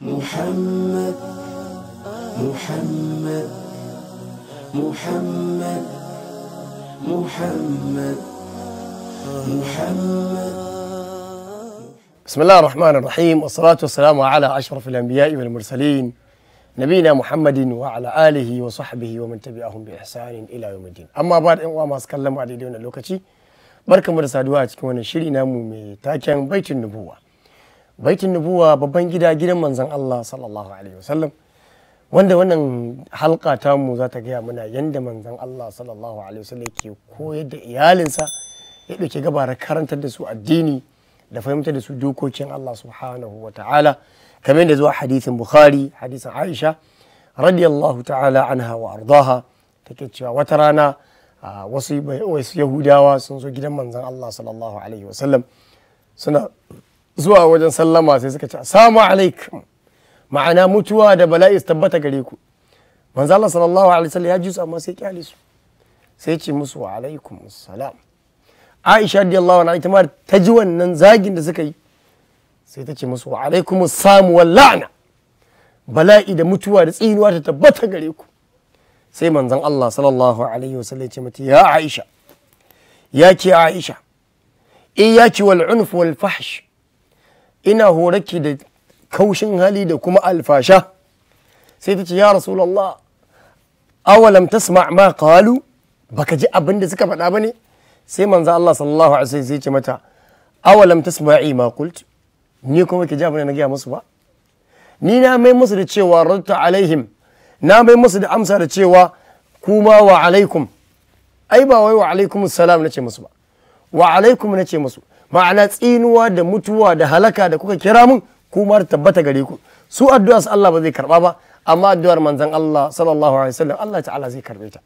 محمد محمد محمد محمد محمد بسم الله الرحمن الرحيم والصلاة والسلام على أشرف الأنبياء والمرسلين نبينا محمد وعلى آله وصحبه ومن تبعهم بإحسان إلى يوم الدين أما بعد إن وما سكلم على ديون اللوكتي بركة مرسادوات كون شيري نامو تاكيان بيت النبوة baitin nubuwa babban gida gidan Manzan Allah sallallahu alaihi wasallam wanda wannan halka tamu za ta gaya muna yadda Manzan Allah sallallahu alaihi wasallam ke koyar da iyalinsa ya ɗauki gabara karantar da su addini da fahimtar da su dokokin Allah subhanahu wa ta'ala kamar yadda zuwa hadisin Bukhari hadisin Aisha radiyallahu ta'ala anha wa ardaha take cewa wata rana wasu Yahudawa sun zo gidan Manzan Allah sallallahu alaihi wasallam suna zuwa wajen sallama sai suka ce assalamu alaikum ma'ana mutuwa da bala'i tabbata gare ku manzo Allah sallallahu alaihi wasallam ya ji su amma sai kyale su sai ce musu wa alaikum assalam Aisha radiyallahu anha ita ma ta ji wannan zagin da suka yi sai ta ce musu wa alaikum assalam wal la'na bala'i da mutuwa da tsinuwa ta tabbata gare ku sai manzon Allah sallallahu alaihi wasallam ya ce mata ya Aisha ya ke Aisha iyaki wal unf wal fahsh ina horarki da kaushin hali da kuma alfasha sai ta ce ya rasulallah awalam tasma ma qalu baka ji abin da suka faɗa ba ne sai manzo Allah sallallahu alaihi wasallam sai ce mata awalam tasma'i ma qult ni kuma ki ji abin da na gaya musu ba ni na mai musu da cewa radta alaihim na mai musu da amsa da cewa kuma wa alaikum ai ba wai wa alaikum salam nace musu ba wa alaikum nace musu ma'ana tsinuwa da mutuwa da halaka da kuka kira mun kuma tabbata gare ku su addu'a su Allah ba zai karba ba amma addu'ar manzon Allah sallallahu alaihi wasallam Allah ta'ala zai karbe ta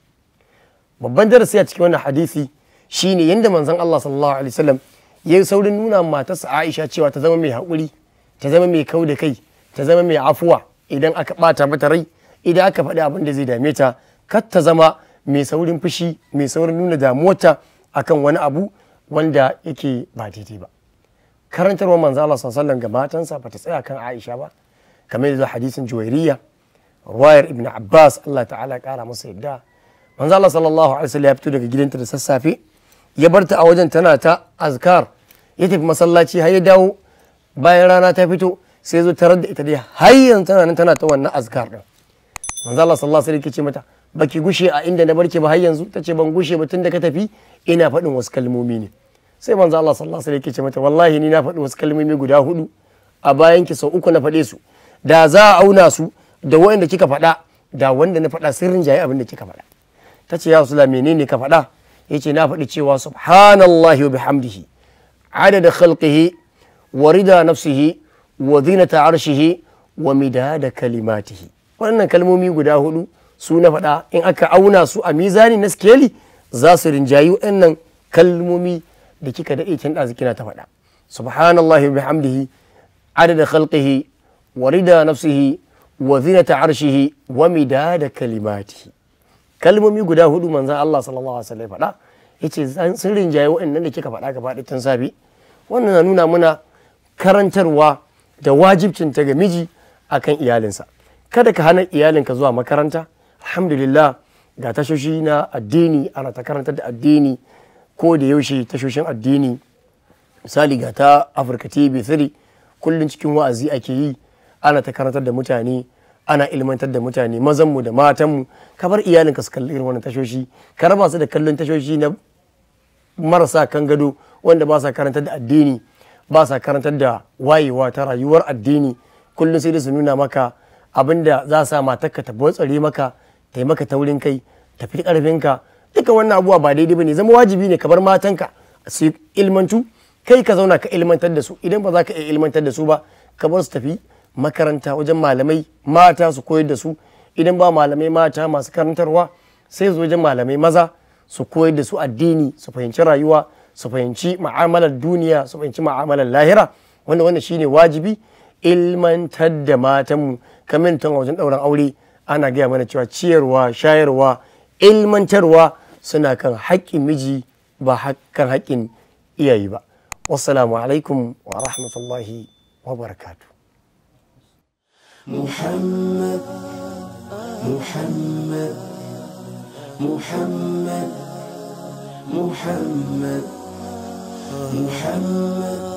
babban darasi a cikin wannan hadisi shine yanda manzon Allah sallallahu alaihi wasallam ya yi saurin nuna matarsa Aisha cewa ta zama mai haƙuri ta zama mai kau da kai ta zama mai afuwa idan aka bata mata rai idan aka faɗi abin da zai dame ta kar ta zama mai saurin fushi mai saurin nuna damuwarta akan wani abu wanda yake ba daidai ba karantarwa manzo Allah sallallahu ga matansa bata tsaya kan Aisha ba kamar yadda hadisin Juwairiya ruwayar Ibn Abbas Allah ta'ala kara masa yadda manzo Allah sallallahu alaihi wasallam ya fito daga gidanta da sassafe ya barta a wajen tana ta azkar ya tafi masallaci har ya dawo bayan rana ta fito sai zo tarar da ita dai har yanzu tana nan tana ta wannan azkar din manzo Allah sallallahu alaihi wasallam ya ce mata baki gushe a inda na barke ba har yanzu ta ce ban gushe ba tun da ka tafi ina faɗin wasu kalmomi ne sai manzo Allah sallallahu alaihi wasallam yake ce mata wallahi ni na faɗi wasu kalmomi guda hudu a bayan ki sau uku na faɗe su da za a auna su da wanda kika faɗa da wanda na faɗa sirrin jayi abin da kika faɗa ta ce ya rasulullah menene ka faɗa yace na faɗi cewa subhanallahi wa bihamdihi adad khalqihi wa rida nafsihi wa zinata arshihi wa midada kalimatihi wannan kalmomi guda hudu su na faɗa in aka auna su a mizani na skeli za su rinjayi waɗannan kalmomi da kika daɗe can ɗazi kina ta faɗa subhanallahi wa bihamdihi adada khalqihi wa rida nafsihi wa zinata arshihi wa midada kalimatihi kalmomi guda hudu manzan Allah sallallahu alaihi wasallam faɗa yace sun rinjayi waɗannan da kika faɗa gaba tun safi wannan na nuna muna karantarwa da wajibcin ta ga miji akan iyalinsa kada ka hana iyalinka zuwa makaranta alhamdulillah ga tashoshi na addini ana ta karanta da addini ko da yaushe tashoshin addini misali ga ta afirka tv 3 kullum cikin wa'azi ake yi ana ta karantar da mutane ana ilmantar da mutane mazanmu da matanmu ka bar ka su kalli irin wannan tashoshi ka raba su da kallon tashoshi na marasa kan gado wanda ba sa karantar da addini ba sa karantar da wayewa ta rayuwar addini kullum sai da su nuna maka abinda za sa matakka ta tsare maka ta yi maka taurin kai tafi ƙarfinka duka wannan abubuwa ba daidai ne zama wajibi ne ka bar matanka su ilmantu kai ka zauna ka ilmantar da su idan ba za ka iya ilmantar da su ba ka bar su tafi makaranta wajen malamai mata su koyar da su idan ba malamai mata masu karantarwa sai su wajen malamai maza su koyar da su addini su fahimci rayuwa su fahimci ma'amalar duniya su fahimci ma'amalar lahira wanda wannan shine wajibi ilmantar da matanmu kamar tun wajen ɗauran aure ana gaya mana cewa ciyarwa shayarwa ilmantarwa suna kan haƙƙin miji ba kan haƙƙin iyaye ba wassalamu alaikum wa rahmatullahi wa barakatu muhammad muhammad muhammad muhammad muhammad